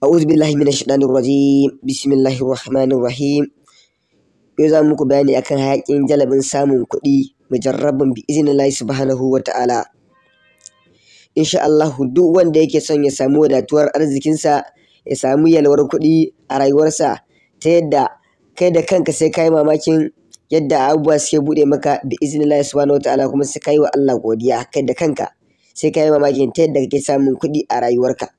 a'udhu billahi minash shaitanir rajim bismillahir rahmanir rahim yau za muku bayani akan hayakin jalabin samun kuɗi mujarrabin bi iznillahi subhanahu wa ta'ala insha Allah duk wanda yake son ya samu wadatuwar arzikinsa ya samu yalwar kuɗi a rayuwarsa ta yadda kai da kanka sai ka yi mamakin yadda abubuwa suke buɗe maka bi iznillahi subhanahu wa ta'ala kuma sai ka yi wa Allah godiya kai da kanka sai ka yi mamakin ta yadda kake samun kuɗi a rayuwarka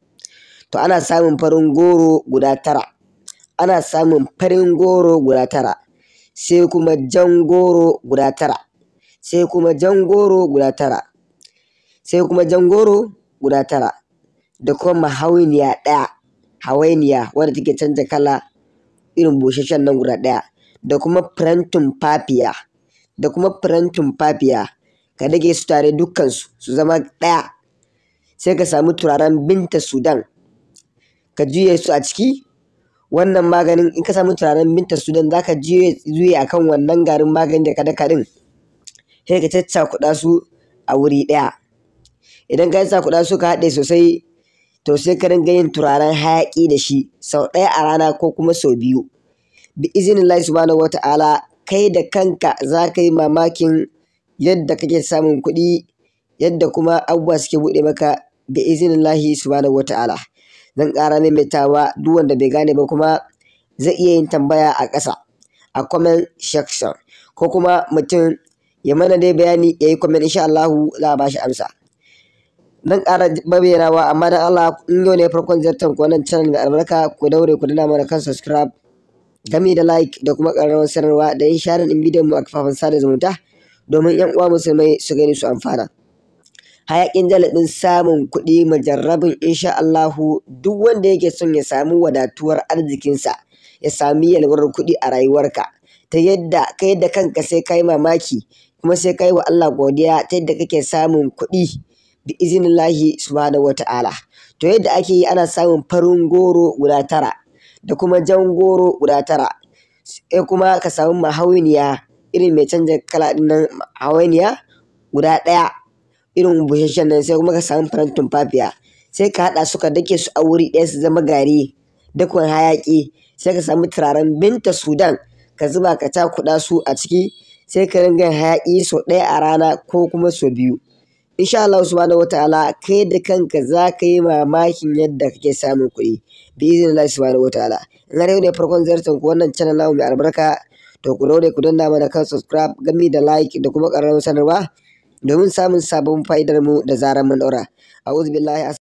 to ana samun farin goro guda tara ana samun farin goro guda tara sai kuma jan goro guda tara sai kuma jan goro guda tara sai kuma jan goro guda tara da kuma hawainiya ɗaya hawainiya wadda take canza kala irin busasshen nan guda ɗaya da kuma firantin fafiya da kuma firantin fafiya ka dage su tare dukkansu su zama ɗaya sai ka samu turaren binta sudan ka juye su a ciki wannan maganin in ka samu turaren minta sudan za ka juye a kan wannan garin maganin da ka daka sai ka caccakuɗa su a wuri ɗaya idan ka kuɗa su ka haɗe sosai to sai ka ringa yin turaren hayaƙi da shi sau ɗaya a rana ko kuma sau biyu bi izinin Allah subhanahu wata'ala kai da kanka za ka yi mamakin yadda kake samun kuɗi yadda kuma abubuwa suke buɗe maka bi izinin Allah subhanahu wata'ala zan ƙara maimaitawa duk wanda bai gane ba kuma zai iya yin tambaya a ƙasa a comment section ko kuma mutum ya mana dai bayani ya yi comment insha Allahu za a bashi amsa dan ƙara bayyanawa amma dan Allah in yau ne farkon zartan ko nan channel mai albarka ku daure ku dana mana kan subscribe gami da like da kuma ƙararrawar sanarwa da yin sharing in bidiyon mu a kafafen sada zumunta domin yan uwa musulmai su gani su amfana hayakin jalabin samun kuɗi majarrabin insha Allahu duk wanda yake son ya samu wadatuwar arzikinsa ya sami yalwar kuɗi a rayuwarka ta yadda ka yadda kanka sai kai mamaki kuma sai kai wa Allah godiya ta yadda kake samun kuɗi bi izinillahi subhanahu wata'ala to yadda ake yi ana samun farin goro guda tara da kuma jan goro guda tara sai kuma ka samu mahauniya irin mai canja kala ɗin nan hawainiya guda ɗaya irin busasshen nan sai kuma ka samu farantin tumfafiya sai ka haɗa suka dake su a wuri ɗaya su zama gari dakon hayaƙi sai ka samu turaren binta sudan ka zuba ka kuɗa su a ciki sai ka ringa hayaƙi sau ɗaya a rana ko kuma sau biyu insha Allah subhanahu wataala kai da kanka za ka yi mamakin yadda kake samun kuɗi bi idinillahi subhanahu wataala in har yau ne farkon ziyartar ku wannan channel namu mai albarka to ku daure ku danna mana kan subscribe gami da like da kuma ƙararrawar sanarwa domin samun sabon fa'idar mu da zarar mun ɗora. A'udhu billahi